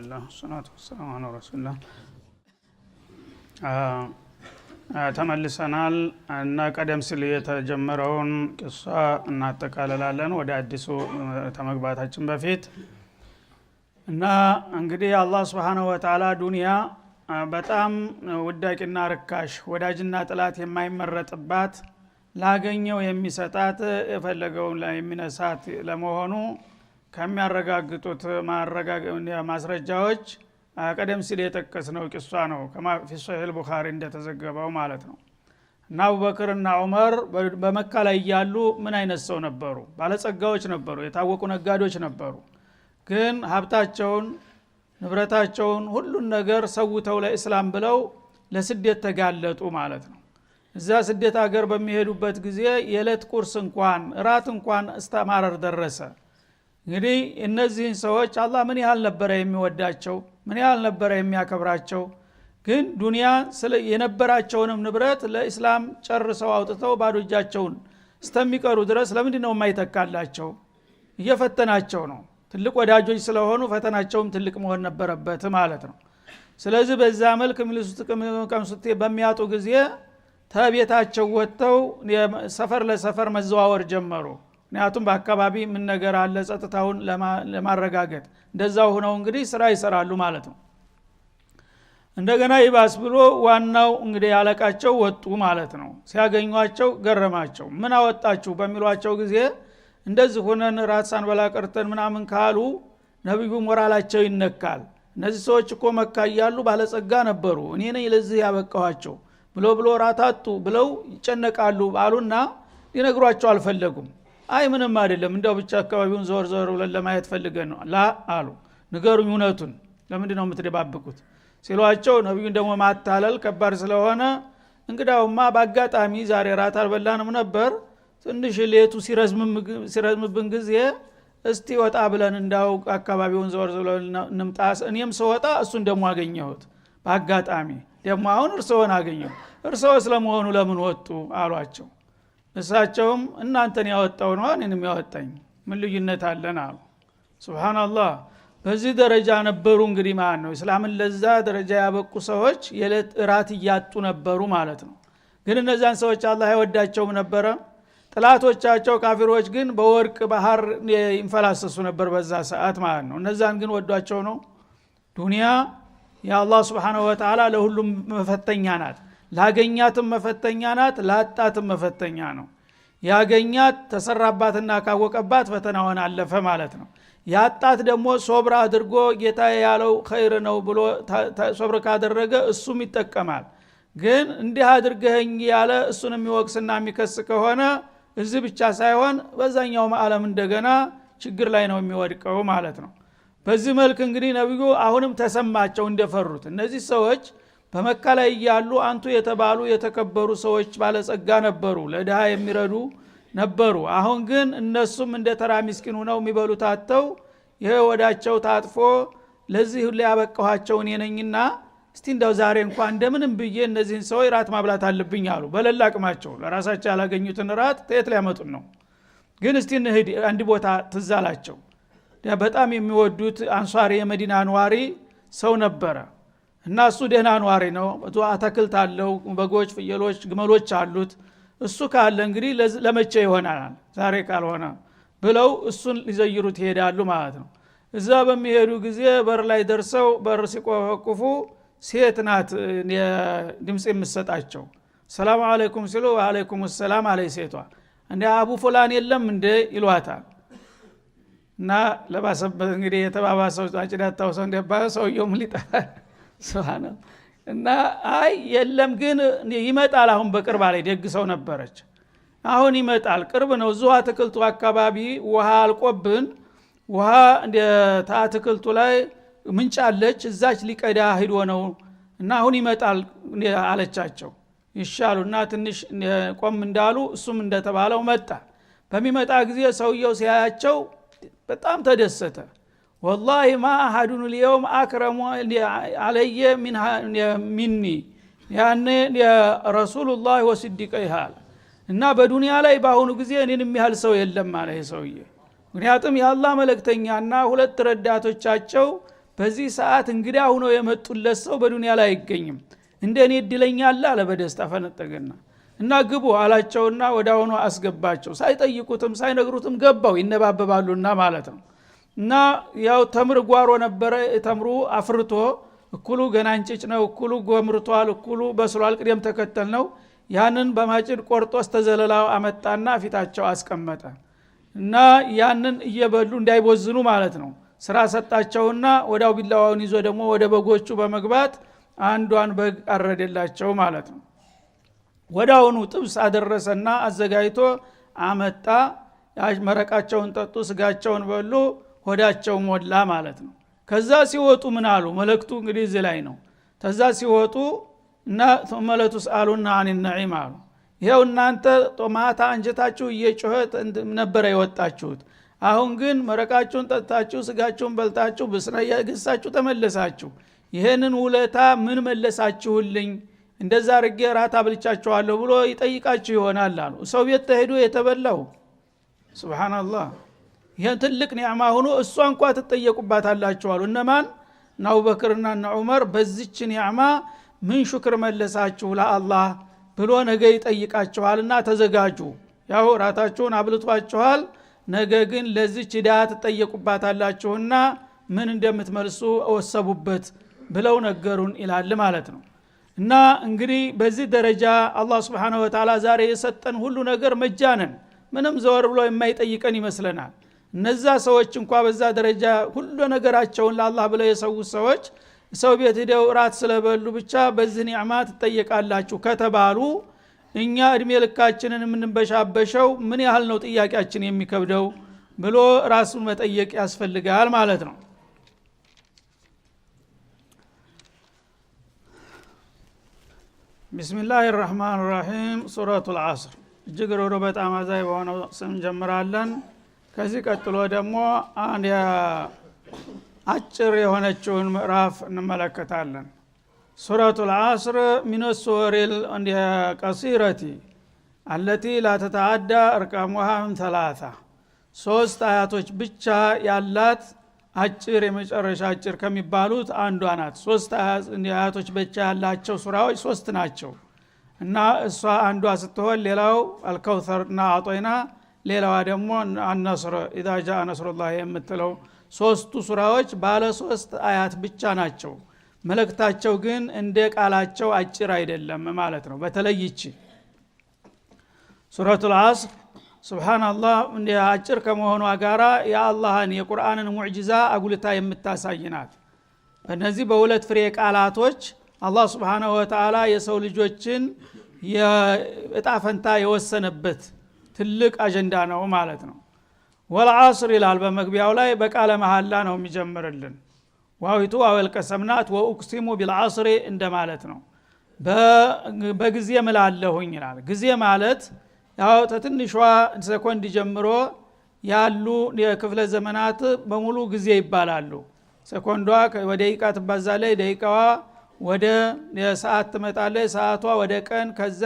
አልሐምዱሊላህ ሰላቱ ወሰላሙ አላ ረሱሊላህ። ተመልሰናል እና ቀደም ሲል የተጀመረውን ቅሷ እናጠቃልላለን ወደ አዲሱ ከመግባታችን በፊት እና እንግዲህ አላህ ሱብሓነሁ ወተዓላ ዱንያ በጣም ውዳቂና ርካሽ ወዳጅና ጥላት የማይመረጥባት ላገኘው የሚሰጣት የፈለገውን የሚነሳት ለመሆኑ ከሚያረጋግጡት ማስረጃዎች ቀደም ሲል ነው ቂሷ ነው። ፊሶሒል ቡኻሪ እንደተዘገበው ማለት ነው። እና አቡበክርና ዑመር በመካ ላይ እያሉ ምን አይነት ሰው ነበሩ? ባለጸጋዎች ነበሩ፣ የታወቁ ነጋዴዎች ነበሩ። ግን ሀብታቸውን፣ ንብረታቸውን፣ ሁሉን ነገር ሰውተው ለእስላም ብለው ለስደት ተጋለጡ ማለት ነው። እዛ ስደት አገር በሚሄዱበት ጊዜ የዕለት ቁርስ እንኳን እራት እንኳን እስተማረር ደረሰ። እንግዲህ እነዚህን ሰዎች አላህ ምን ያህል ነበረ የሚወዳቸው ምን ያህል ነበረ የሚያከብራቸው ግን ዱንያ የነበራቸውንም ንብረት ለኢስላም ጨርሰው አውጥተው ባዶ እጃቸውን እስተሚቀሩ ድረስ ለምንድ ነው የማይተካላቸው እየፈተናቸው ነው ትልቅ ወዳጆች ስለሆኑ ፈተናቸውም ትልቅ መሆን ነበረበት ማለት ነው ስለዚህ በዛ መልክ ምልሱት ቀምሱቴ በሚያጡ ጊዜ ተቤታቸው ወጥተው ሰፈር ለሰፈር መዘዋወር ጀመሩ ምክንያቱም በአካባቢ ምን ነገር አለ ጸጥታውን ለማረጋገጥ እንደዛ ሆነው እንግዲህ ስራ ይሰራሉ ማለት ነው እንደገና ይባስ ብሎ ዋናው እንግዲህ ያለቃቸው ወጡ ማለት ነው ሲያገኟቸው ገረማቸው ምን አወጣችሁ በሚሏቸው ጊዜ እንደዚህ ሆነን ራሳን በላቀርተን ምናምን ካሉ ነቢዩ ሞራላቸው ይነካል እነዚህ ሰዎች እኮ መካ እያሉ ባለጸጋ ነበሩ እኔ ነኝ ለዚህ ያበቃኋቸው ብሎ ብሎ ራታጡ ብለው ይጨነቃሉ አሉና ሊነግሯቸው አልፈለጉም አይ ምንም አይደለም እንደው ብቻ አካባቢውን ዞር ዞር ብለን ለማየት ፈልገን ነው ላ አሉ ንገሩኝ እውነቱን ለምንድ ነው የምትደባብቁት ሲሏቸው ነቢዩን ደግሞ ማታለል ከባድ ስለሆነ እንግዳውማ በአጋጣሚ ዛሬ ራት አልበላንም ነበር ትንሽ ሌቱ ሲረዝምብን ጊዜ እስቲ ወጣ ብለን እንዳው አካባቢውን ዘወር ብለን እንምጣስ እኔም ስወጣ እሱን ደግሞ አገኘሁት በአጋጣሚ ደግሞ አሁን እርስዎን አገኘሁ እርስዎ ስለመሆኑ ለምን ወጡ አሏቸው እሳቸውም እናንተን ያወጣው ነው እኔንም ያወጣኝ ምን ልዩነት አለን አሉ ስብናላህ በዚህ ደረጃ ነበሩ እንግዲህ ማለት ነው እስላምን ለዛ ደረጃ ያበቁ ሰዎች የዕለት እራት እያጡ ነበሩ ማለት ነው ግን እነዚያን ሰዎች አላ አይወዳቸውም ነበረ ጥላቶቻቸው ካፊሮች ግን በወርቅ ባህር ይንፈላሰሱ ነበር በዛ ሰዓት ማለት ነው እነዛን ግን ወዷቸው ነው ዱኒያ የአላህ ስብሓንሁ ወተላ ለሁሉም መፈተኛ ናት ላገኛትም መፈተኛ ናት፣ ላጣትም መፈተኛ ነው። ያገኛት ተሰራባትና ካወቀባት ፈተናውን አለፈ ማለት ነው። ያጣት ደግሞ ሶብር አድርጎ ጌታ ያለው ኸይር ነው ብሎ ሶብር ካደረገ እሱም ይጠቀማል። ግን እንዲህ አድርገኝ ያለ እሱን የሚወቅስና የሚከስ ከሆነ እዚህ ብቻ ሳይሆን በዛኛውም አለም እንደገና ችግር ላይ ነው የሚወድቀው ማለት ነው። በዚህ መልክ እንግዲህ ነቢዩ አሁንም ተሰማቸው እንደፈሩት እነዚህ ሰዎች በመካ ላይ እያሉ አንቱ የተባሉ የተከበሩ ሰዎች ባለጸጋ ነበሩ፣ ለድሃ የሚረዱ ነበሩ። አሁን ግን እነሱም እንደ ተራ ሚስኪኑ ነው የሚበሉት አጥተው ይሄ ወዳቸው ታጥፎ ለዚህ ሁሉ ያበቃኋቸው እኔ ነኝና እስቲ እንደው ዛሬ እንኳ እንደምንም ብዬ እነዚህን ሰዎች ራት ማብላት አለብኝ አሉ። በለላ አቅማቸው ለራሳቸው ያላገኙትን ራት ተየት ሊያመጡን ነው? ግን እስቲ ንህድ አንድ ቦታ ትዛላቸው በጣም የሚወዱት አንሷሪ የመዲና ነዋሪ ሰው ነበረ። እና እሱ ደህና ነዋሪ ነው። አትክልት አለው፣ በጎች፣ ፍየሎች፣ ግመሎች አሉት። እሱ ካለ እንግዲህ ለመቼ ይሆናል ዛሬ ካልሆነ ብለው እሱን ሊዘይሩት ይሄዳሉ ማለት ነው። እዛ በሚሄዱ ጊዜ በር ላይ ደርሰው በር ሲቆፈቁፉ ሴት ናት ድምፅ የምሰጣቸው። ሰላም አለይኩም ሲሉ አለይኩም ሰላም አለ ሴቷ። እንደ አቡ ፉላን የለም እንደ ይሏታል። እና ለባሰበት እንግዲህ የተባባሰው አጭዳታው ሰው እንደባ ሰውየውም ሊጠፋል ስብሃና እና አይ የለም ግን ይመጣል አሁን በቅርብ ላይ ደግ ሰው ነበረች አሁን ይመጣል ቅርብ ነው እዙ አትክልቱ አካባቢ ውሃ አልቆብን ውሃ አትክልቱ ላይ ምንጫለች እዛች ሊቀዳ ሂዶ ነው እና አሁን ይመጣል አለቻቸው ይሻሉና ትንሽ ቆም እንዳሉ እሱም እንደተባለው መጣ በሚመጣ ጊዜ ሰውየው ሲያያቸው በጣም ተደሰተ ወላሂ ማ አሀዱን ልየውም አክረሙ አለየ ሚኒ ያኔ የረሱሉላህ ወስዲቀ ይሃል እና በዱንያ ላይ በአሁኑ ጊዜ እኔን የሚያህል ሰው የለም አለ ሰውዬ። ምክንያቱም የአላህ መለክተኛና ሁለት ረዳቶቻቸው በዚህ ሰዓት እንግዳ ሁኖ የመጡለት ሰው በዱኒያ ላይ አይገኝም። እንደ እኔ እድለኛለ አለ በደስታ ፈነጠገና እና ግቡ አላቸውና ወደ አሁኑ አስገባቸው። ሳይጠይቁትም ሳይነግሩትም ገባው ይነባበባሉና ማለት ነው። እና ያው ተምር ጓሮ ነበረ ተምሩ አፍርቶ እኩሉ ገና እንጭጭ ነው እኩሉ ጎምርቷል እኩሉ በስሏል ቅደም ተከተል ነው ያንን በማጭድ ቆርጦ ስተዘለላው አመጣና ፊታቸው አስቀመጠ እና ያንን እየበሉ እንዳይቦዝኑ ማለት ነው ስራ ሰጣቸውና ወዳው ቢላዋውን ይዞ ደግሞ ወደ በጎቹ በመግባት አንዷን በግ አረደላቸው ማለት ነው ወዳውኑ ጥብስ አደረሰና አዘጋጅቶ አመጣ መረቃቸውን ጠጡ ስጋቸውን በሉ ሆዳቸው ሞላ ማለት ነው ከዛ ሲወጡ ምን አሉ መለክቱ እንግዲህ እዚህ ላይ ነው ተዛ ሲወጡ እና መለቱ ስአሉና አን ነዒም አሉ ይኸው እናንተ ጦማታ አንጀታችሁ እየጮኸ ነበረ የወጣችሁት አሁን ግን መረቃችሁን ጠጥታችሁ ስጋችሁን በልታችሁ ብስና ተመለሳችሁ ይህንን ውለታ ምን መለሳችሁልኝ እንደዛ አርጌ ራት አብልቻችኋለሁ ብሎ ይጠይቃችሁ ይሆናል አሉ ሰው ቤት ተሄዶ የተበላው ስብናላህ ይህን ትልቅ ኒዕማ ሆኖ እሷ እንኳ ትጠየቁባታላችሁ አሉ እነማን እነ አቡበክርና እነ ዑመር በዚች ኒዕማ ምን ሹክር መለሳችሁ ለአላህ ብሎ ነገ ይጠይቃችኋልና ተዘጋጁ ያው ራታችሁን አብልቷችኋል ነገ ግን ለዚች ዳ ትጠየቁባታላችሁና ምን እንደምትመልሱ ወሰቡበት ብለው ነገሩን ይላል ማለት ነው እና እንግዲህ በዚህ ደረጃ አላህ ስብሓነ ወተላ ዛሬ የሰጠን ሁሉ ነገር መጃነን ምንም ዘወር ብሎ የማይጠይቀን ይመስለናል እነዛ ሰዎች እንኳ በዛ ደረጃ ሁሉ ነገራቸውን ለአላህ ብለው የሰውት ሰዎች ሰው ቤት ሂደው እራት ስለበሉ ብቻ በዚህ ኒዕማ ትጠየቃላችሁ ከተባሉ እኛ እድሜ ልካችንን የምንበሻበሸው ምን ያህል ነው ጥያቄያችን የሚከብደው ብሎ ራሱን መጠየቅ ያስፈልጋል ማለት ነው ቢስሚላህ ራህማን ራሒም ሱረቱ ልዓስር እጅግ ሮዶ በጣም አዛይ በሆነው ስም እንጀምራለን ከዚህ ቀጥሎ ደግሞ አጭር የሆነችውን ምዕራፍ እንመለከታለን። ሱረቱ ልአስር ሚን እንዲ ቀሲረቲ አለቲ ላተተአዳ ውሃም ተላታ ሶስት አያቶች ብቻ ያላት አጭር የመጨረሻ አጭር ከሚባሉት አንዷ ናት። ሶስት አያቶች ብቻ ያላቸው ሱራዎች ሶስት ናቸው እና እሷ አንዷ ስትሆን ሌላው አልከውተርና አጦይና ሌላዋ ደግሞ አነስር ኢዛ ጃ የምትለው ሶስቱ ሱራዎች ባለ ሶስት አያት ብቻ ናቸው። መልእክታቸው ግን እንደ ቃላቸው አጭር አይደለም ማለት ነው። በተለይ ይቺ ሱረቱል አስር ሱብሓናላህ እንደ አጭር ከመሆኗ ጋራ የአላህን የቁርአንን ሙዕጅዛ አጉልታ የምታሳይ ናት። በነዚህ በሁለት ፍሬ ቃላቶች አላህ ሱብሓነሁ ወተዓላ የሰው ልጆችን እጣ የወሰነበት ትልቅ አጀንዳ ነው ማለት ነው ወልዓስር ይላል በመግቢያው ላይ በቃለ መሐላ ነው የሚጀምርልን ዋዊቱ አወልቀሰምናት ወኡክሲሙ ቢልዓስሪ እንደማለት ነው በጊዜ ምላለሁኝ ይላል ጊዜ ማለት ያው ተትንሿ ሰኮንድ ጀምሮ ያሉ የክፍለ ዘመናት በሙሉ ጊዜ ይባላሉ ሰኮንዷ ወደቂቃ ትባዛለች ደቂቃዋ ወደ ሰዓት ትመጣለች ሰዓቷ ወደ ቀን ከዛ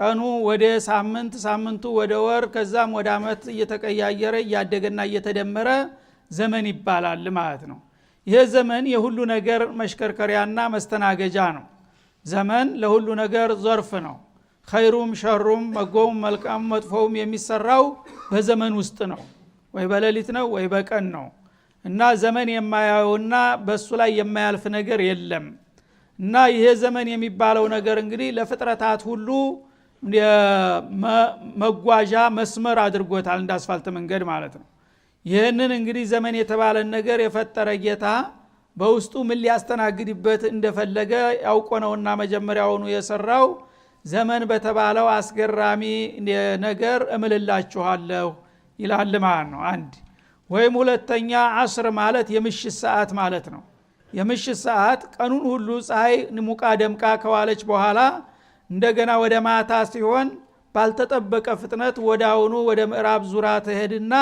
ቀኑ ወደ ሳምንት ሳምንቱ ወደ ወር ከዛም ወደ አመት እየተቀያየረ እያደገና እየተደመረ ዘመን ይባላል ማለት ነው። ይሄ ዘመን የሁሉ ነገር መሽከርከሪያና መስተናገጃ ነው። ዘመን ለሁሉ ነገር ዘርፍ ነው። ኸይሩም ሸሩም፣ መጎም መልካም መጥፎውም የሚሰራው በዘመን ውስጥ ነው። ወይ በሌሊት ነው ወይ በቀን ነው እና ዘመን የማያየውና በእሱ ላይ የማያልፍ ነገር የለም እና ይሄ ዘመን የሚባለው ነገር እንግዲህ ለፍጥረታት ሁሉ መጓዣ መስመር አድርጎታል እንደ አስፋልት መንገድ ማለት ነው ይህንን እንግዲህ ዘመን የተባለን ነገር የፈጠረ ጌታ በውስጡ ምን ሊያስተናግድበት እንደፈለገ ያውቆ ነውና መጀመሪያውኑ የሰራው ዘመን በተባለው አስገራሚ ነገር እምልላችኋለሁ ይላል ማለት ነው አንድ ወይም ሁለተኛ አስር ማለት የምሽት ሰዓት ማለት ነው የምሽት ሰዓት ቀኑን ሁሉ ፀሐይ ሙቃ ደምቃ ከዋለች በኋላ እንደገና ወደ ማታ ሲሆን ባልተጠበቀ ፍጥነት ወደ አሁኑ ወደ ምዕራብ ዙራ ትሄድና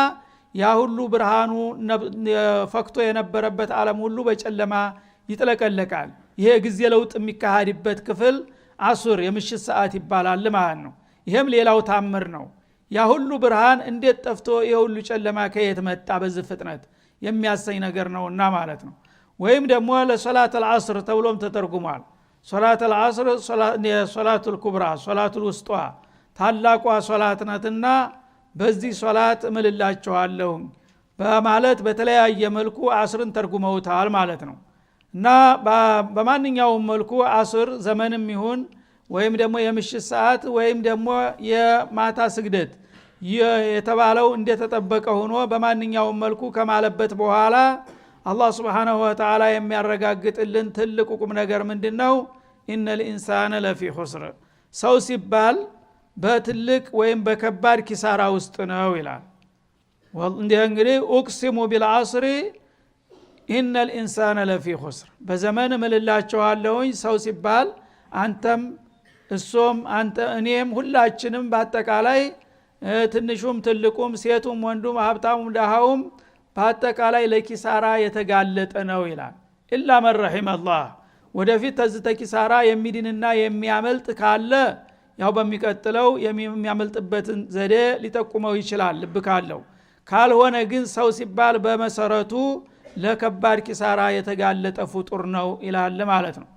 ያ ሁሉ ብርሃኑ ፈክቶ የነበረበት ዓለም ሁሉ በጨለማ ይጥለቀለቃል። ይሄ ጊዜ ለውጥ የሚካሄድበት ክፍል አሱር የምሽት ሰዓት ይባላል ማለት ነው። ይሄም ሌላው ታምር ነው። ያ ሁሉ ብርሃን እንዴት ጠፍቶ የሁሉ ጨለማ ከየት መጣ በዚህ ፍጥነት የሚያሰኝ ነገር ነውና ማለት ነው። ወይም ደግሞ ለሰላት አልአስር ተብሎም ተተርጉሟል። ሶላት አልአስር ሶላቱ ልኩብራ ሶላቱ ልውስጧ ታላቋ ሶላት ናትና በዚህ ሶላት እምልላችኋለሁ በማለት በተለያየ መልኩ አስርን ተርጉመውታል ማለት ነው እና በማንኛውም መልኩ አስር ዘመንም ይሁን ወይም ደግሞ የምሽት ሰዓት ወይም ደግሞ የማታ ስግደት የተባለው እንደተጠበቀ ሆኖ በማንኛውም መልኩ ከማለበት በኋላ አላህ ስብሓናሁ ወተላ የሚያረጋግጥልን ትልቅ ቁም ነገር ምንድ ነው? ኢነ ልኢንሳነ ለፊ ሁስር ሰው ሲባል በትልቅ ወይም በከባድ ኪሳራ ውስጥ ነው ይላል። እንዲህ እንግዲህ ኡቅሲሙ ቢልአስሪ ኢነ ልኢንሳነ ለፊ ሁስር በዘመን እምልላችኋለሁኝ ሰው ሲባል አንተም እሶም እኔም ሁላችንም በአጠቃላይ ትንሹም ትልቁም ሴቱም ወንዱም ሀብታሙም ደሃውም በአጠቃላይ ለኪሳራ የተጋለጠ ነው ይላል ኢላ መን ረሒም አላህ ወደፊት ተዝተ ኪሳራ የሚድንና የሚያመልጥ ካለ ያው በሚቀጥለው የሚያመልጥበትን ዘዴ ሊጠቁመው ይችላል ልብ ካለው ካልሆነ ግን ሰው ሲባል በመሰረቱ ለከባድ ኪሳራ የተጋለጠ ፍጡር ነው ይላል ማለት ነው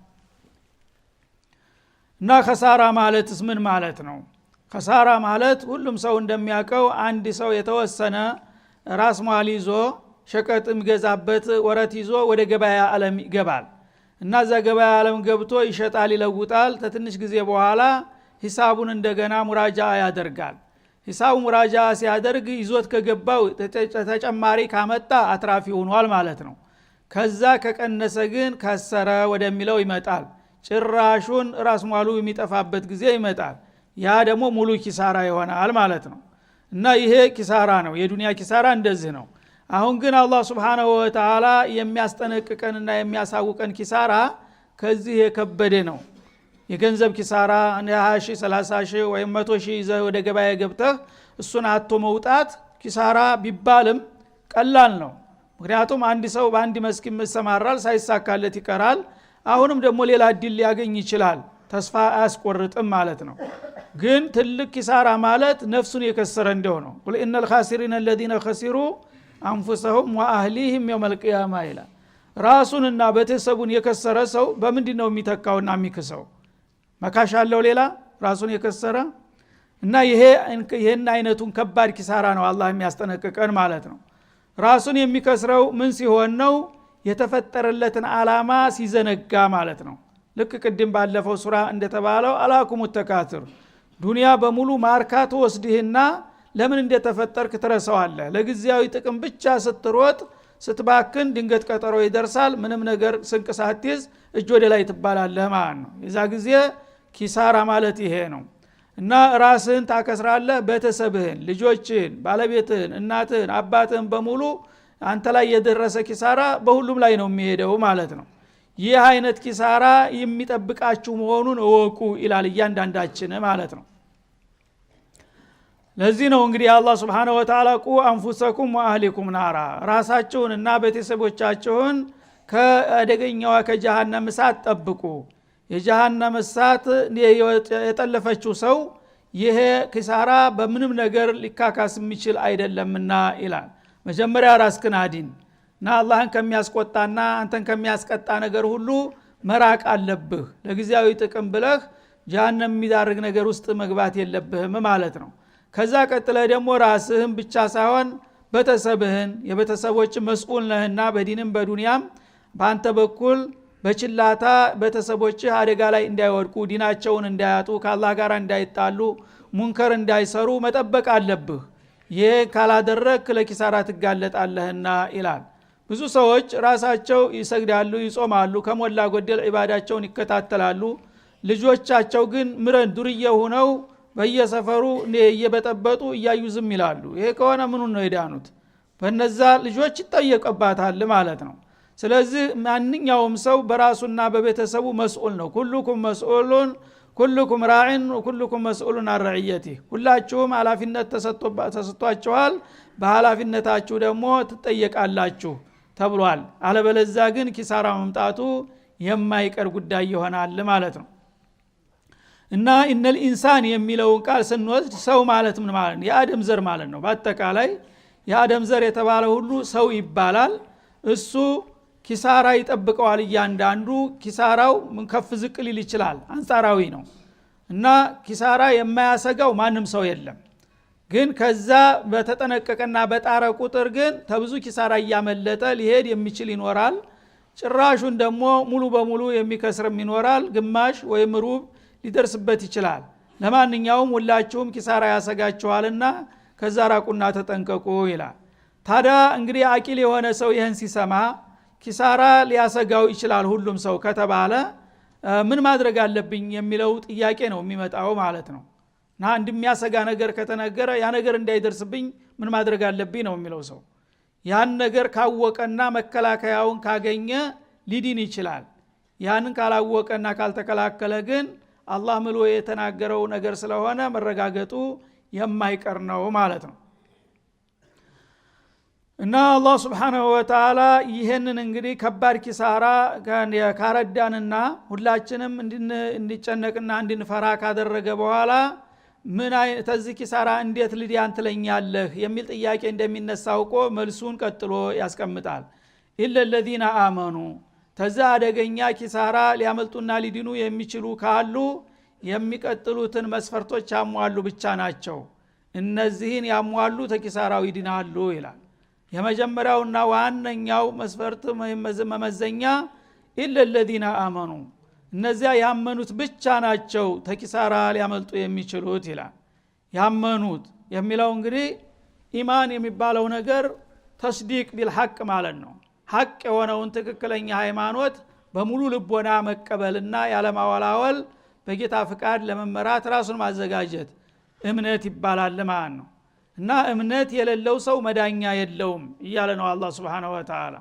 እና ከሳራ ማለትስ ምን ማለት ነው ከሳራ ማለት ሁሉም ሰው እንደሚያውቀው አንድ ሰው የተወሰነ ራስ ሟል ይዞ ሸቀጥ የሚገዛበት ወረት ይዞ ወደ ገበያ ዓለም ይገባል እና እዛ ገበያ ዓለም ገብቶ ይሸጣል፣ ይለውጣል። ከትንሽ ጊዜ በኋላ ሂሳቡን እንደገና ሙራጃ ያደርጋል። ሂሳቡ ሙራጃ ሲያደርግ ይዞት ከገባው ተጨማሪ ካመጣ አትራፊ ሆኗል ማለት ነው። ከዛ ከቀነሰ ግን ከሰረ ወደሚለው ይመጣል። ጭራሹን ራስ ሟሉ የሚጠፋበት ጊዜ ይመጣል። ያ ደግሞ ሙሉ ኪሳራ ይሆናል ማለት ነው። እና ይሄ ኪሳራ ነው። የዱንያ ኪሳራ እንደዚህ ነው። አሁን ግን አላህ ስብሓናሁ ወተዓላ የሚያስጠነቅቀንና የሚያሳውቀን ኪሳራ ከዚህ የከበደ ነው። የገንዘብ ኪሳራ 20 ሺህ 30 ሺ ወይም 100 ሺ ይዘህ ወደ ገበያ ገብተህ እሱን አቶ መውጣት ኪሳራ ቢባልም ቀላል ነው። ምክንያቱም አንድ ሰው በአንድ መስክ ይሰማራል፣ ሳይሳካለት ይቀራል። አሁንም ደግሞ ሌላ እድል ሊያገኝ ይችላል። ተስፋ አያስቆርጥም ማለት ነው። ግን ትልቅ ኪሳራ ማለት ነፍሱን የከሰረ እንደው ነው ቁል እነ ልካሲሪን አለዚነ ከሲሩ አንፉሰሁም ወአህሊህም የውመልቅያማ ይላል ራሱንና ቤተሰቡን የከሰረ ሰው በምንድ ነው የሚተካውና የሚክሰው መካሻ አለው ሌላ ራሱን የከሰረ እና ይሄን አይነቱን ከባድ ኪሳራ ነው አላህ የሚያስጠነቅቀን ማለት ነው ራሱን የሚከስረው ምን ሲሆን ነው የተፈጠረለትን አላማ ሲዘነጋ ማለት ነው ልክ ቅድም ባለፈው ሱራ እንደተባለው አላኩሙ ተካትር ዱንያ በሙሉ ማርካ ትወስድህና ለምን እንደተፈጠርክ ትረሳዋለህ ለጊዜያዊ ጥቅም ብቻ ስትሮጥ ስትባክን ድንገት ቀጠሮ ይደርሳል ምንም ነገር ስንቅ ሳትይዝ እጅ ወደ ላይ ትባላለህ ማለት ነው የዛ ጊዜ ኪሳራ ማለት ይሄ ነው እና ራስህን ታከስራለህ ቤተሰብህን ልጆችህን ባለቤትህን እናትህን አባትህን በሙሉ አንተ ላይ የደረሰ ኪሳራ በሁሉም ላይ ነው የሚሄደው ማለት ነው ይህ አይነት ኪሳራ የሚጠብቃችሁ መሆኑን እወቁ ይላል እያንዳንዳችን ማለት ነው ለዚህ ነው እንግዲህ አላህ ስብሓነ ወተላ ቁ አንፉሰኩም ወአህሊኩም ናራ ራሳችሁንና ቤተሰቦቻችሁን ከአደገኛዋ ከጀሃነም እሳት ጠብቁ የጀሃነም እሳት የጠለፈችው ሰው ይሄ ኪሳራ በምንም ነገር ሊካካስ የሚችል አይደለምና ይላል መጀመሪያ ራስክን አዲን እና አላህን ከሚያስቆጣና አንተን ከሚያስቀጣ ነገር ሁሉ መራቅ አለብህ። ለጊዜያዊ ጥቅም ብለህ ጃሃንም የሚዳርግ ነገር ውስጥ መግባት የለብህም ማለት ነው። ከዛ ቀጥለ ደግሞ ራስህን ብቻ ሳይሆን በተሰብህን የቤተሰቦች መስኡል ነህና በዲንም በዱንያም በአንተ በኩል በችላታ ቤተሰቦችህ አደጋ ላይ እንዳይወድቁ ዲናቸውን እንዳያጡ ከአላ ጋር እንዳይጣሉ ሙንከር እንዳይሰሩ መጠበቅ አለብህ። ይህ ካላደረግ ለኪሳራ ትጋለጣለህና ይላል። ብዙ ሰዎች ራሳቸው ይሰግዳሉ፣ ይጾማሉ፣ ከሞላ ጎደል ዒባዳቸውን ይከታተላሉ። ልጆቻቸው ግን ምረን ዱርዬ ሆነው በየሰፈሩ እየበጠበጡ እያዩ ዝም ይላሉ። ይሄ ከሆነ ምኑን ነው የዳኑት? በነዛ ልጆች ይጠየቅባታል ማለት ነው። ስለዚህ ማንኛውም ሰው በራሱና በቤተሰቡ መስኡል ነው። ኩልኩም መስኡሉን ኩልኩም ራዕን ኩልኩም መስኡሉን አረዕየት ሁላችሁም ኃላፊነት ተሰጥቷቸኋል በሀላፊነታችሁ ደግሞ ትጠየቃላችሁ። ተብሏል አለበለዛ ግን ኪሳራ መምጣቱ የማይቀር ጉዳይ ይሆናል ማለት ነው እና እነልኢንሳን ኢንሳን የሚለውን ቃል ስንወስድ ሰው ማለት ምን ማለት ነው የአደም ዘር ማለት ነው በአጠቃላይ የአደም ዘር የተባለ ሁሉ ሰው ይባላል እሱ ኪሳራ ይጠብቀዋል እያንዳንዱ ኪሳራው ከፍ ዝቅ ሊል ይችላል አንጻራዊ ነው እና ኪሳራ የማያሰጋው ማንም ሰው የለም ግን ከዛ በተጠነቀቀና በጣረ ቁጥር ግን ተብዙ ኪሳራ እያመለጠ ሊሄድ የሚችል ይኖራል። ጭራሹን ደግሞ ሙሉ በሙሉ የሚከስርም ይኖራል። ግማሽ ወይም ሩብ ሊደርስበት ይችላል። ለማንኛውም ሁላችሁም ኪሳራ ያሰጋችኋልና ከዛ ራቁና ተጠንቀቁ ይላል። ታዲያ እንግዲህ አቂል የሆነ ሰው ይህን ሲሰማ ኪሳራ ሊያሰጋው ይችላል ሁሉም ሰው ከተባለ ምን ማድረግ አለብኝ የሚለው ጥያቄ ነው የሚመጣው ማለት ነው። እና እንደሚያሰጋ ነገር ከተነገረ ያ ነገር እንዳይደርስብኝ ምን ማድረግ አለብኝ ነው የሚለው ሰው ያን ነገር ካወቀና መከላከያውን ካገኘ ሊድን ይችላል ያንን ካላወቀና ካልተከላከለ ግን አላህ ምሎ የተናገረው ነገር ስለሆነ መረጋገጡ የማይቀር ነው ማለት ነው እና አላህ ስብሓናሁ ወተላ ይህንን እንግዲህ ከባድ ኪሳራ ካረዳንና ሁላችንም እንዲጨነቅና እንድንፈራ ካደረገ በኋላ ምን ተዚህ ኪሳራ እንዴት ልዲያን ትለኛለህ የሚል ጥያቄ እንደሚነሳው አውቆ መልሱን ቀጥሎ ያስቀምጣል ኢለ ለዚነ አመኑ ተዛ አደገኛ ኪሳራ ሊያመልጡና ሊድኑ የሚችሉ ካሉ የሚቀጥሉትን መስፈርቶች ያሟሉ ብቻ ናቸው እነዚህን ያሟሉ ተኪሳራው ይድናሉ ይላል የመጀመሪያውና ዋነኛው መስፈርት መመዘኛ ኢለ ለዚነ አመኑ እነዚያ ያመኑት ብቻ ናቸው ተኪሳራ ሊያመልጡ የሚችሉት ይላል ያመኑት የሚለው እንግዲህ ኢማን የሚባለው ነገር ተስዲቅ ቢልሐቅ ማለት ነው ሐቅ የሆነውን ትክክለኛ ሃይማኖት በሙሉ ልቦና መቀበልና ያለማወላወል በጌታ ፍቃድ ለመመራት ራሱን ማዘጋጀት እምነት ይባላል ማለት ነው እና እምነት የሌለው ሰው መዳኛ የለውም እያለ ነው አላ ስብን ወተላ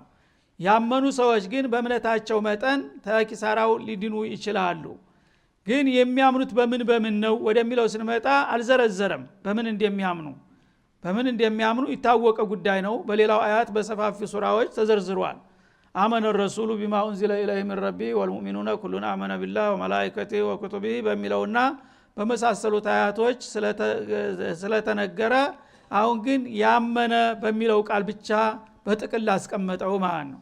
ያመኑ ሰዎች ግን በእምነታቸው መጠን ተኪሳራው ሊድኑ ይችላሉ ግን የሚያምኑት በምን በምን ነው ወደሚለው ስንመጣ አልዘረዘረም በምን እንደሚያምኑ በምን እንደሚያምኑ ይታወቀ ጉዳይ ነው በሌላው አያት በሰፋፊ ሱራዎች ተዘርዝሯል አመነ ረሱሉ ቢማ ኡንዚለ ኢለይህ ምን ረቢ ወልሙእሚኑነ ኩሉን አመነ ቢላህ ወመላይከቲ ወኩቱቢ በሚለውና በመሳሰሉት አያቶች ስለተነገረ አሁን ግን ያመነ በሚለው ቃል ብቻ በጥቅል አስቀመጠው ማለት ነው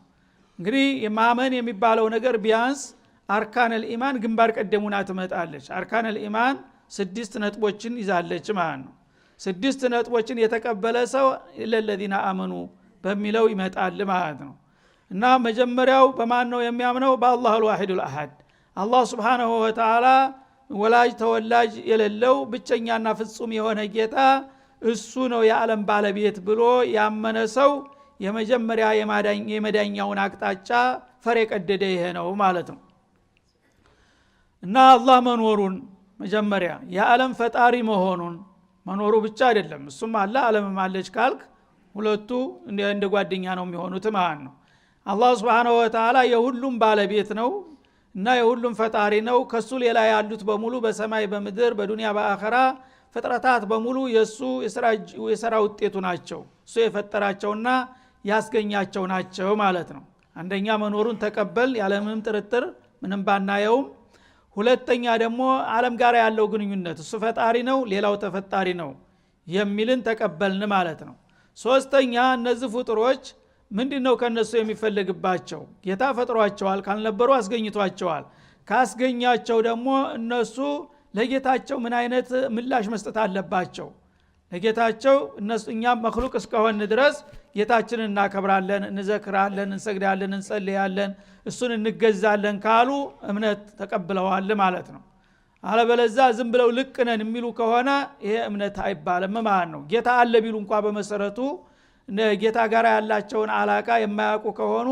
እንግዲህ የማመን የሚባለው ነገር ቢያንስ አርካን ኢማን ግንባር ቀደሙና ትመጣለች አርካን ኢማን ስድስት ነጥቦችን ይዛለች ማለት ነው ስድስት ነጥቦችን የተቀበለ ሰው ለለዚነ አመኑ በሚለው ይመጣል ማለት ነው እና መጀመሪያው በማን ነው የሚያምነው በአላህ አልዋሒድ ልአሀድ አላህ ስብሓናሁ ወተላ ወላጅ ተወላጅ የሌለው ብቸኛና ፍጹም የሆነ ጌታ እሱ ነው የዓለም ባለቤት ብሎ ያመነ ሰው የመጀመሪያ የመዳኛውን አቅጣጫ ፈር የቀደደ ይሄ ነው ማለት ነው እና አላህ መኖሩን መጀመሪያ የዓለም ፈጣሪ መሆኑን መኖሩ ብቻ አይደለም እሱም አለ አለም አለች ካልክ ሁለቱ እንደ ጓደኛ ነው የሚሆኑት ማለት ነው አላህ ስብን ወተላ የሁሉም ባለቤት ነው እና የሁሉም ፈጣሪ ነው ከሱ ሌላ ያሉት በሙሉ በሰማይ በምድር በዱንያ በአኸራ ፍጥረታት በሙሉ የእሱ የስራ ውጤቱ ናቸው እሱ የፈጠራቸውና ያስገኛቸው ናቸው ማለት ነው አንደኛ መኖሩን ተቀበል ያለምንም ጥርጥር ምንም ባናየውም ሁለተኛ ደግሞ አለም ጋር ያለው ግንኙነት እሱ ፈጣሪ ነው ሌላው ተፈጣሪ ነው የሚልን ተቀበልን ማለት ነው ሶስተኛ እነዚህ ፍጡሮች ምንድ ነው ከእነሱ የሚፈለግባቸው ጌታ ፈጥሯቸዋል ካልነበሩ አስገኝቷቸዋል ካስገኛቸው ደግሞ እነሱ ለጌታቸው ምን አይነት ምላሽ መስጠት አለባቸው ለጌታቸው እነሱ እኛም መክሉቅ እስከሆን ድረስ ጌታችንን እናከብራለን እንዘክራለን እንሰግዳለን እንጸልያለን እሱን እንገዛለን ካሉ እምነት ተቀብለዋል ማለት ነው አለበለዛ ዝም ብለው ልቅ ነን የሚሉ ከሆነ ይሄ እምነት አይባልም ማለት ነው ጌታ አለ ቢሉ እንኳ በመሰረቱ ጌታ ጋር ያላቸውን አላቃ የማያውቁ ከሆኑ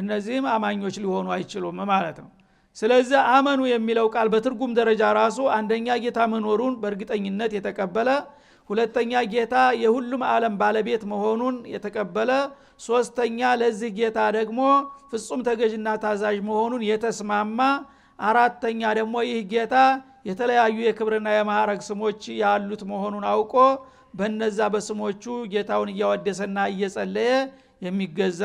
እነዚህም አማኞች ሊሆኑ አይችሉም ማለት ነው ስለዚህ አመኑ የሚለው ቃል በትርጉም ደረጃ ራሱ አንደኛ ጌታ መኖሩን በእርግጠኝነት የተቀበለ ሁለተኛ ጌታ የሁሉም ዓለም ባለቤት መሆኑን የተቀበለ ሶስተኛ ለዚህ ጌታ ደግሞ ፍጹም ተገዥና ታዛዥ መሆኑን የተስማማ አራተኛ ደግሞ ይህ ጌታ የተለያዩ የክብርና የማዕረግ ስሞች ያሉት መሆኑን አውቆ በነዛ በስሞቹ ጌታውን እያወደሰና እየጸለየ የሚገዛ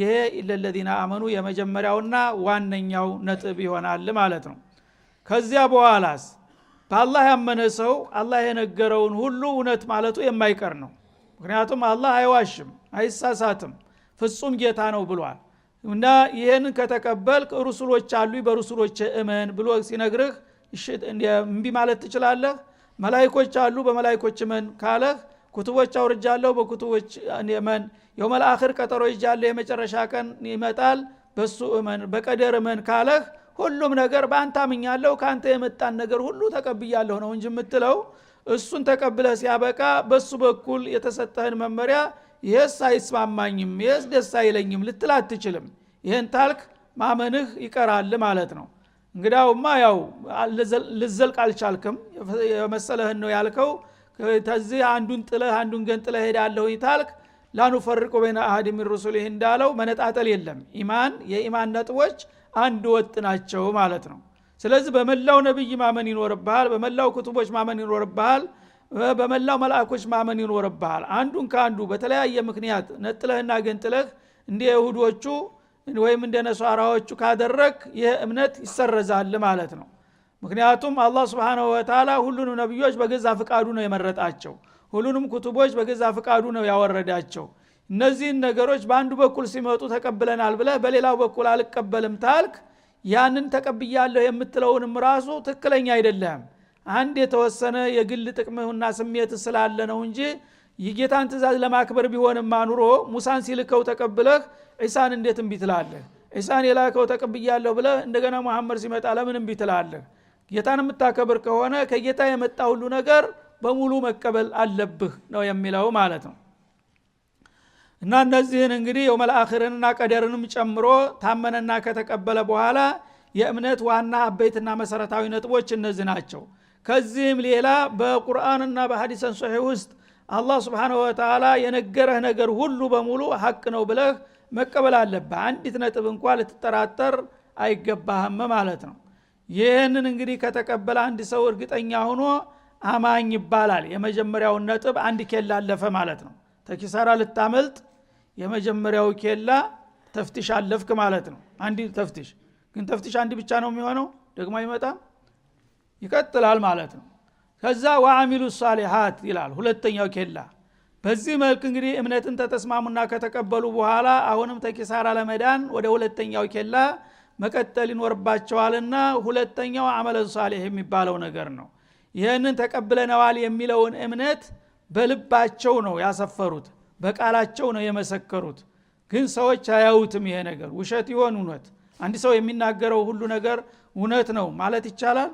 ይሄ ለለዚነ አመኑ የመጀመሪያውና ዋነኛው ነጥብ ይሆናል ማለት ነው ከዚያ በኋላስ በአላህ ያመነ ሰው አላህ የነገረውን ሁሉ እውነት ማለቱ የማይቀር ነው። ምክንያቱም አላህ አይዋሽም፣ አይሳሳትም፣ ፍጹም ጌታ ነው ብሏል እና ይህንን ከተቀበል ሩሱሎች አሉ በሩሱሎች እመን ብሎ ሲነግርህ እምቢ ማለት ትችላለህ። መላይኮች አሉ በመላይኮች እመን ካለህ ኩቱቦች አውርጃለሁ በኩቱቦች እመን፣ የውመል ቀጠሮ ይጃለሁ የመጨረሻ ቀን ይመጣል በሱ እመን፣ በቀደር እመን ካለህ ሁሉም ነገር በአንተ አምኛለሁ ከአንተ የመጣን ነገር ሁሉ ተቀብያለሁ ነው እንጂ የምትለው እሱን ተቀብለህ ሲያበቃ በሱ በኩል የተሰጠህን መመሪያ ይህስ አይስማማኝም ይህስ ደስ አይለኝም ልትል አትችልም ይህን ታልክ ማመንህ ይቀራል ማለት ነው እንግዳውማ ያው ልዘልቅ አልቻልክም የመሰለህን ነው ያልከው ተዚህ አንዱን ጥለህ አንዱን ገን ጥለህ ሄዳለሁ ታልክ ላኑፈርቁ በይነ አህድ ሚን ሩሱሊህ እንዳለው መነጣጠል የለም ኢማን የኢማን ነጥቦች አንድ ወጥ ናቸው ማለት ነው ስለዚህ በመላው ነቢይ ማመን ይኖርብሃል በመላው ክቱቦች ማመን ይኖርብሃል በመላው መልአኮች ማመን ይኖርብሃል አንዱን ከአንዱ በተለያየ ምክንያት ነጥለህና ገንጥለህ እንደ ይሁዶቹ ወይም እንደ ነሷራዎቹ ካደረግ ይህ እምነት ይሰረዛል ማለት ነው ምክንያቱም አላ ስብን ወተላ ሁሉንም ነቢዮች በገዛ ፍቃዱ ነው የመረጣቸው ሁሉንም ኩቱቦች በገዛ ፍቃዱ ነው ያወረዳቸው እነዚህን ነገሮች በአንዱ በኩል ሲመጡ ተቀብለናል ብለህ በሌላው በኩል አልቀበልም ታልክ ያንን ተቀብያለሁ የምትለውንም ራሱ ትክክለኛ አይደለም አንድ የተወሰነ የግል ጥቅምህና ስሜት ስላለ ነው እንጂ የጌታን ትእዛዝ ለማክበር ቢሆንም አኑሮ ሙሳን ሲልከው ተቀብለህ ዒሳን እንዴት እምቢ ትላለህ ዒሳን የላከው ተቀብያለሁ ብለህ እንደገና መሐመድ ሲመጣ ለምን እምቢ ትላለህ ጌታን የምታከብር ከሆነ ከጌታ የመጣ ሁሉ ነገር በሙሉ መቀበል አለብህ ነው የሚለው ማለት ነው እና እነዚህን እንግዲህ የውመልአኽርንና ቀደርንም ጨምሮ ታመነና ከተቀበለ በኋላ የእምነት ዋና አበይትና መሰረታዊ ነጥቦች እነዚህ ናቸው ከዚህም ሌላ በቁርአንና በሀዲሰን ሶሒ ውስጥ አላህ ስብን ወተላ የነገረህ ነገር ሁሉ በሙሉ ሀቅ ነው ብለህ መቀበል አለብህ አንዲት ነጥብ እንኳ ልትጠራጠር አይገባህም ማለት ነው ይህንን እንግዲህ ከተቀበለ አንድ ሰው እርግጠኛ ሆኖ አማኝ ይባላል የመጀመሪያውን ነጥብ አንድ ኬላለፈ ማለት ነው ተኪሳራ ልታመልጥ የመጀመሪያው ኬላ ተፍቲሽ አለፍክ ማለት ነው አንድ ተፍቲሽ ግን ተፍቲሽ አንድ ብቻ ነው የሚሆነው ደግሞ አይመጣም ይቀጥላል ማለት ነው ከዛ ወአሚሉ ሳሊሃት ይላል ሁለተኛው ኬላ በዚህ መልክ እንግዲህ እምነትን ተተስማሙና ከተቀበሉ በኋላ አሁንም ተኪሳራ ለመዳን ወደ ሁለተኛው ኬላ መቀጠል ይኖርባቸዋልና ሁለተኛው አመለ ሳሌህ የሚባለው ነገር ነው ይህንን ተቀብለነዋል የሚለውን እምነት በልባቸው ነው ያሰፈሩት በቃላቸው ነው የመሰከሩት ግን ሰዎች አያዩትም ይሄ ነገር ውሸት ይሆን እውነት አንድ ሰው የሚናገረው ሁሉ ነገር እውነት ነው ማለት ይቻላል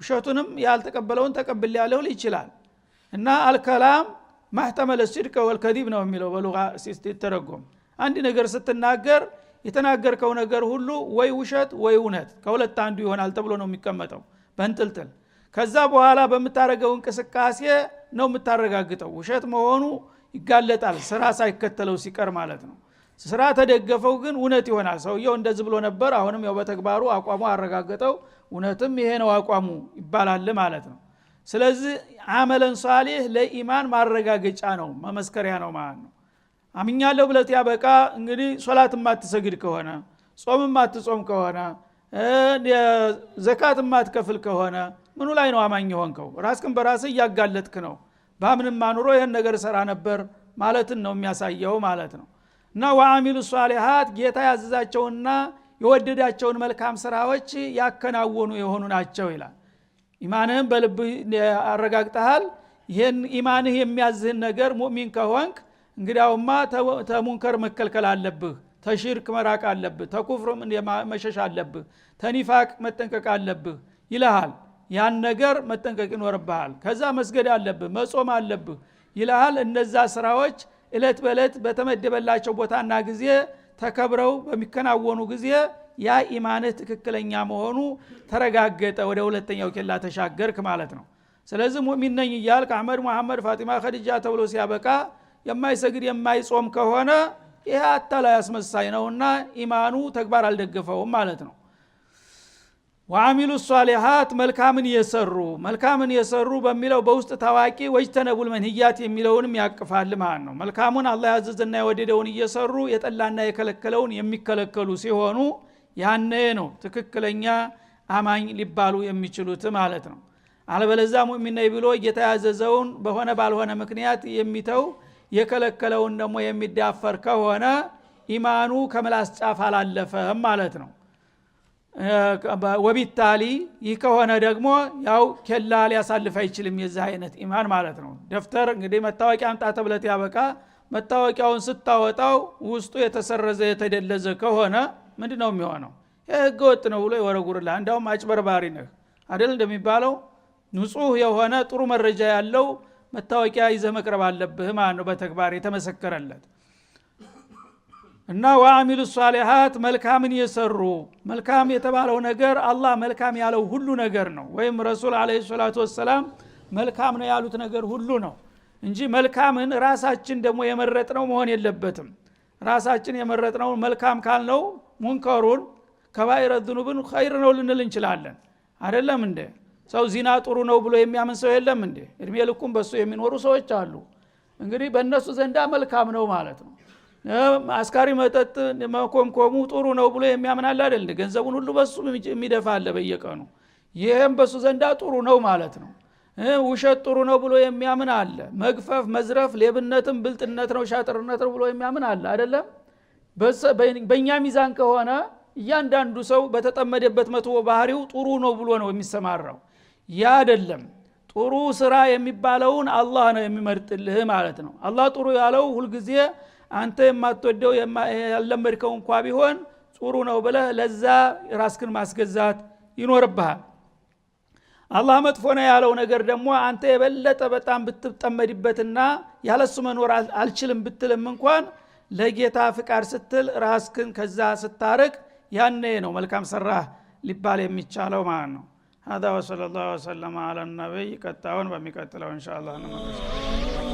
ውሸቱንም ያልተቀበለውን ተቀብል ያለው ይችላል እና አልከላም ማህተመለ ሲድቀ ወልከዲብ ነው የሚለው በሉጋ ሲተረጎም አንድ ነገር ስትናገር የተናገርከው ነገር ሁሉ ወይ ውሸት ወይ እውነት ከሁለት አንዱ ይሆናል ተብሎ ነው የሚቀመጠው በንጥልጥል ከዛ በኋላ በምታደረገው እንቅስቃሴ ነው የምታረጋግጠው ውሸት መሆኑ ይጋለጣል ስራ ሳይከተለው ሲቀር ማለት ነው ስራ ተደገፈው ግን እውነት ይሆናል ሰውየው እንደዚህ ብሎ ነበር አሁንም ያው በተግባሩ አቋሙ አረጋገጠው እውነትም ይሄ ነው አቋሙ ይባላል ማለት ነው ስለዚህ አመለን ሷሌህ ለኢማን ማረጋገጫ ነው መመስከሪያ ነው ማለት ነው አምኛለሁ ብለት ያበቃ እንግዲህ ሶላት ማትሰግድ ከሆነ ጾም ማትጾም ከሆነ ዘካት የማትከፍል ከሆነ ምኑ ላይ ነው አማኝ የሆንከው ራስክን በራስህ እያጋለጥክ ነው ባምንም ማኑሮ ይህን ነገር ሰራ ነበር ማለትን ነው የሚያሳየው ማለት ነው እና ወአሚሉ ሷሊሃት ጌታ ያዘዛቸውና የወደዳቸውን መልካም ስራዎች ያከናወኑ የሆኑ ናቸው ይላል ኢማንህን በልብ አረጋግጠሃል ይህን ኢማንህ የሚያዝህን ነገር ሙእሚን ከሆንክ እንግዲያውማ ተሙንከር መከልከል አለብህ ተሽርክ መራቅ አለብህ ተኩፍር መሸሽ አለብህ ተኒፋቅ መጠንቀቅ አለብህ ይልሃል ያን ነገር መጠንቀቅ ይኖርብሃል ከዛ መስገድ አለብህ መጾም አለብህ ይልሃል እነዛ ስራዎች እለት በእለት በተመደበላቸው ቦታና ጊዜ ተከብረው በሚከናወኑ ጊዜ ያ ኢማንህ ትክክለኛ መሆኑ ተረጋገጠ ወደ ሁለተኛው ኬላ ተሻገርክ ማለት ነው ስለዚህ ሙእሚን ነኝ እያልክ አህመድ መሐመድ ፋጢማ ከድጃ ተብሎ ሲያበቃ የማይሰግድ የማይጾም ከሆነ ይህ አታላይ አስመሳይ ነውና ኢማኑ ተግባር አልደገፈውም ማለት ነው ወአሚሉ ሷሊሃት መልካምን የሰሩ መልካምን የሰሩ በሚለው በውስጥ ታዋቂ ወጅተነቡል መንህያት የሚለውንም ያቅፋል ማለት ነው። መልካሙን አላ ያዘዘና የወደደውን እየሰሩ የጠላና የከለከለውን የሚከለከሉ ሲሆኑ ያነ ነው ትክክለኛ አማኝ ሊባሉ የሚችሉት ማለት ነው። አለበለዛ ሙእሚን ብሎ እየተያዘዘውን በሆነ ባልሆነ ምክንያት የሚተው የከለከለውን ደግሞ የሚዳፈር ከሆነ ኢማኑ ከምላስ ጫፍ አላለፈም ማለት ነው። ወቢታሊ ይህ ከሆነ ደግሞ ያው ኬላ ሊያሳልፍ አይችልም የዚህ አይነት ኢማን ማለት ነው ደፍተር እንግዲህ መታወቂያ አምጣ ተብለት ያበቃ መታወቂያውን ስታወጣው ውስጡ የተሰረዘ የተደለዘ ከሆነ ምንድ ነው የሚሆነው ህገ ወጥ ነው ብሎ ይወረጉርላ እንዲያውም አጭበርባሪ ነህ አደል እንደሚባለው ንጹህ የሆነ ጥሩ መረጃ ያለው መታወቂያ ይዘህ መቅረብ አለብህ ማለት ነው በተግባር የተመሰከረለት እና ወአሚሉ ሷሊሃት መልካምን የሰሩ መልካም የተባለው ነገር አላህ መልካም ያለው ሁሉ ነገር ነው። ወይም ረሱል አለ ሰላቱ ወሰላም መልካም ነው ያሉት ነገር ሁሉ ነው እንጂ መልካምን ራሳችን ደግሞ የመረጥነው መሆን የለበትም። ራሳችን የመረጥነው መልካም ካልነው ሙንከሩን ከባይረ ዝኑብን ኸይር ነው ልንል እንችላለን። አደለም እንዴ? ሰው ዚና ጥሩ ነው ብሎ የሚያምን ሰው የለም እንዴ? እድሜ ልኩም በሱ የሚኖሩ ሰዎች አሉ። እንግዲህ በእነሱ ዘንዳ መልካም ነው ማለት ነው። አስካሪ መጠጥ መኮምኮሙ ጥሩ ነው ብሎ የሚያምናል አደል ገንዘቡን ሁሉ በሱ የሚደፋ አለ በየቀኑ። ይህም በሱ ዘንዳ ጥሩ ነው ማለት ነው። ውሸት ጥሩ ነው ብሎ የሚያምን አለ። መግፈፍ፣ መዝረፍ፣ ሌብነትም ብልጥነት ነው ሻጥርነት ነው ብሎ የሚያምን አለ አደለም በእኛ ሚዛን ከሆነ እያንዳንዱ ሰው በተጠመደበት መቶ ባህሪው ጥሩ ነው ብሎ ነው የሚሰማራው። ያ አደለም ጥሩ ስራ የሚባለውን አላህ ነው የሚመርጥልህ ማለት ነው። አላህ ጥሩ ያለው ሁልጊዜ አንተ የማትወደው ያለመድከው እንኳ ቢሆን ጥሩ ነው ብለህ ለዛ ራስክን ማስገዛት ይኖርብሃል አላህ መጥፎ ነው ያለው ነገር ደግሞ አንተ የበለጠ በጣም ብትጠመድበትና ያለሱ መኖር አልችልም ብትልም እንኳን ለጌታ ፍቃድ ስትል ራስክን ከዛ ስታርቅ ያኔ ነው መልካም ሰራህ ሊባል የሚቻለው ማለት ነው هذا وصلى الله وسلم على النبي قد تعاون ان شاء الله نمرس